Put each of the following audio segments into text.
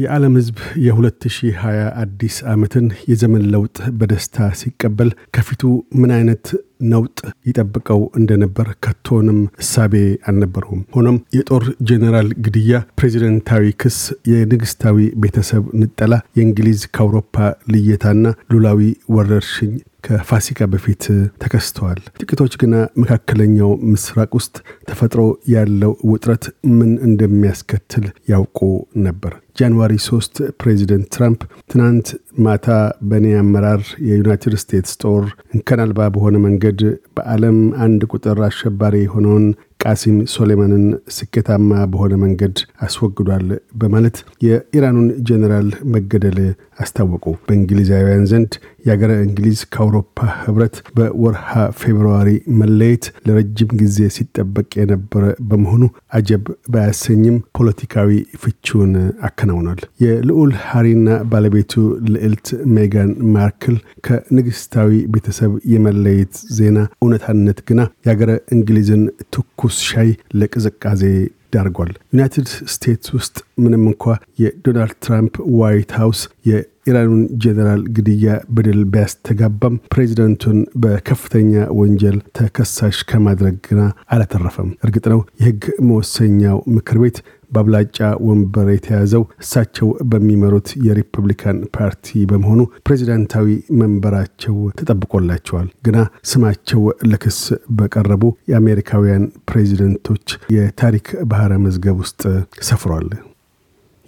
የዓለም ሕዝብ የ2020 አዲስ ዓመትን የዘመን ለውጥ በደስታ ሲቀበል ከፊቱ ምን አይነት ነውጥ ይጠብቀው እንደነበር ከቶንም እሳቤ አልነበረውም። ሆኖም የጦር ጄኔራል ግድያ፣ ፕሬዚደንታዊ ክስ፣ የንግስታዊ ቤተሰብ ንጠላ፣ የእንግሊዝ ከአውሮፓ ልየታና ሉላዊ ወረርሽኝ ከፋሲካ በፊት ተከስተዋል። ጥቂቶች ግና መካከለኛው ምስራቅ ውስጥ ተፈጥሮ ያለው ውጥረት ምን እንደሚያስከትል ያውቁ ነበር። ጃንዋሪ 3 ፕሬዚደንት ትራምፕ ትናንት ማታ በእኔ አመራር የዩናይትድ ስቴትስ ጦር እንከን አልባ በሆነ መንገድ በዓለም አንድ ቁጥር አሸባሪ የሆነውን ቃሲም ሶሌማንን ስኬታማ በሆነ መንገድ አስወግዷል በማለት የኢራኑን ጀኔራል መገደል አስታወቁ። በእንግሊዛውያን ዘንድ የአገረ እንግሊዝ ከአውሮፓ ህብረት በወርሃ ፌብርዋሪ መለየት ለረጅም ጊዜ ሲጠበቅ የነበረ በመሆኑ አጀብ ባያሰኝም ፖለቲካዊ ፍቺውን አከናውኗል። የልዑል ሃሪና ባለቤቱ ልዕልት ሜጋን ማርክል ከንግስታዊ ቤተሰብ የመለየት ዜና እውነታነት ግና የአገረ እንግሊዝን ትኩስ ሻይ ለቅዝቃዜ ዳርጓል። ዩናይትድ ስቴትስ ውስጥ ምንም እንኳ የዶናልድ ትራምፕ ዋይት ሃውስ የኢራኑን ጄኔራል ግድያ በድል ቢያስተጋባም ፕሬዚደንቱን በከፍተኛ ወንጀል ተከሳሽ ከማድረግ ግና አላተረፈም። እርግጥ ነው የህግ መወሰኛው ምክር ቤት በአብላጫ ወንበር የተያዘው እሳቸው በሚመሩት የሪፐብሊካን ፓርቲ በመሆኑ ፕሬዚዳንታዊ መንበራቸው ተጠብቆላቸዋል። ግና ስማቸው ለክስ በቀረቡ የአሜሪካውያን ፕሬዚደንቶች የታሪክ ባህረ መዝገብ ውስጥ ሰፍሯል።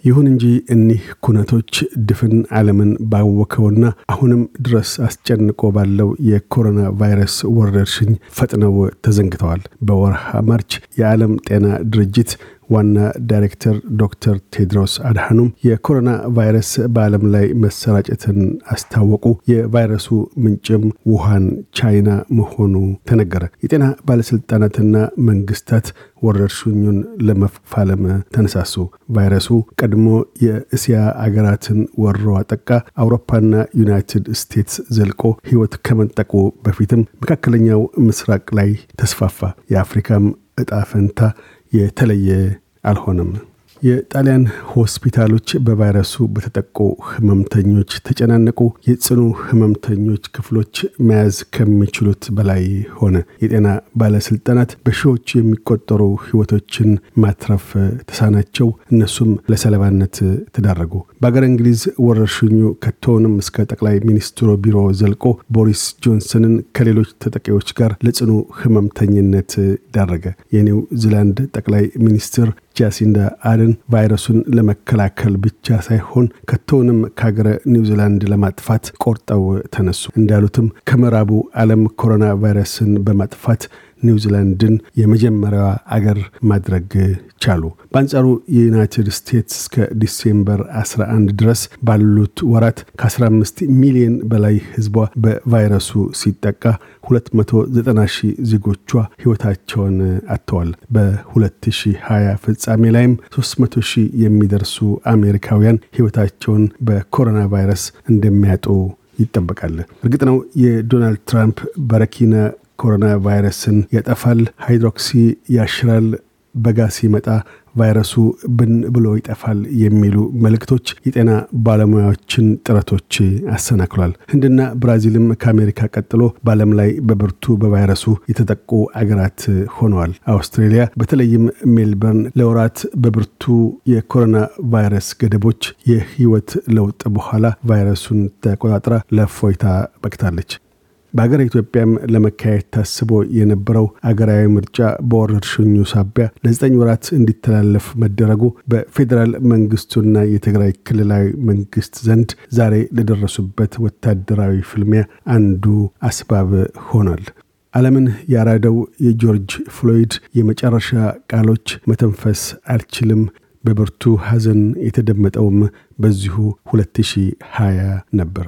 ይሁን እንጂ እኒህ ኩነቶች ድፍን ዓለምን ባወከውና አሁንም ድረስ አስጨንቆ ባለው የኮሮና ቫይረስ ወረርሽኝ ፈጥነው ተዘንግተዋል። በወርሃ ማርች የዓለም ጤና ድርጅት ዋና ዳይሬክተር ዶክተር ቴድሮስ አድሃኑም የኮሮና ቫይረስ በዓለም ላይ መሰራጨትን አስታወቁ። የቫይረሱ ምንጭም ውሃን ቻይና መሆኑ ተነገረ። የጤና ባለስልጣናትና መንግስታት ወረርሽኙን ለመፋለም ተነሳሱ። ቫይረሱ ቀድሞ የእስያ አገራትን ወሮ አጠቃ። አውሮፓና ዩናይትድ ስቴትስ ዘልቆ ህይወት ከመንጠቁ በፊትም መካከለኛው ምስራቅ ላይ ተስፋፋ። የአፍሪካም እጣ ፈንታ የተለየ አልሆነም። የጣሊያን ሆስፒታሎች በቫይረሱ በተጠቁ ህመምተኞች ተጨናነቁ። የጽኑ ህመምተኞች ክፍሎች መያዝ ከሚችሉት በላይ ሆነ። የጤና ባለስልጣናት በሺዎች የሚቆጠሩ ህይወቶችን ማትረፍ ተሳናቸው። እነሱም ለሰለባነት ተዳረጉ። በሀገር እንግሊዝ ወረርሽኙ ከቶውንም እስከ ጠቅላይ ሚኒስትሩ ቢሮ ዘልቆ ቦሪስ ጆንሰንን ከሌሎች ተጠቂዎች ጋር ለጽኑ ህመምተኝነት ዳረገ። የኒው ዚላንድ ጠቅላይ ሚኒስትር ጃሲንዳ አድን ቫይረሱን ለመከላከል ብቻ ሳይሆን ከቶውንም ከሀገረ ኒውዚላንድ ለማጥፋት ቆርጠው ተነሱ። እንዳሉትም ከምዕራቡ ዓለም ኮሮና ቫይረስን በማጥፋት ኒውዚላንድን የመጀመሪያ አገር ማድረግ ቻሉ። በአንጻሩ የዩናይትድ ስቴትስ እስከ ዲሴምበር 11 ድረስ ባሉት ወራት ከ15 ሚሊዮን በላይ ህዝቧ በቫይረሱ ሲጠቃ 290 ዜጎቿ ህይወታቸውን አጥተዋል። በ2020 ፍጻሜ ላይም 300 ሺህ የሚደርሱ አሜሪካውያን ህይወታቸውን በኮሮና ቫይረስ እንደሚያጡ ይጠበቃል። እርግጥ ነው የዶናልድ ትራምፕ በረኪነ ኮሮና ቫይረስን ያጠፋል፣ ሃይድሮክሲ ያሽራል፣ በጋ ሲመጣ ቫይረሱ ብን ብሎ ይጠፋል የሚሉ መልእክቶች የጤና ባለሙያዎችን ጥረቶች አሰናክሏል። ህንድና ብራዚልም ከአሜሪካ ቀጥሎ በዓለም ላይ በብርቱ በቫይረሱ የተጠቁ አገራት ሆነዋል። አውስትሬሊያ በተለይም ሜልበርን ለወራት በብርቱ የኮሮና ቫይረስ ገደቦች የህይወት ለውጥ በኋላ ቫይረሱን ተቆጣጥራ ለፎይታ በቅታለች። በሀገር ኢትዮጵያም ለመካሄድ ታስቦ የነበረው አገራዊ ምርጫ በወረርሽኙ ሳቢያ ለዘጠኝ ወራት እንዲተላለፍ መደረጉ በፌዴራል መንግስቱና የትግራይ ክልላዊ መንግስት ዘንድ ዛሬ ለደረሱበት ወታደራዊ ፍልሚያ አንዱ አስባብ ሆኗል። ዓለምን ያራደው የጆርጅ ፍሎይድ የመጨረሻ ቃሎች መተንፈስ አልችልም በብርቱ ሐዘን የተደመጠውም በዚሁ 2020 ነበር።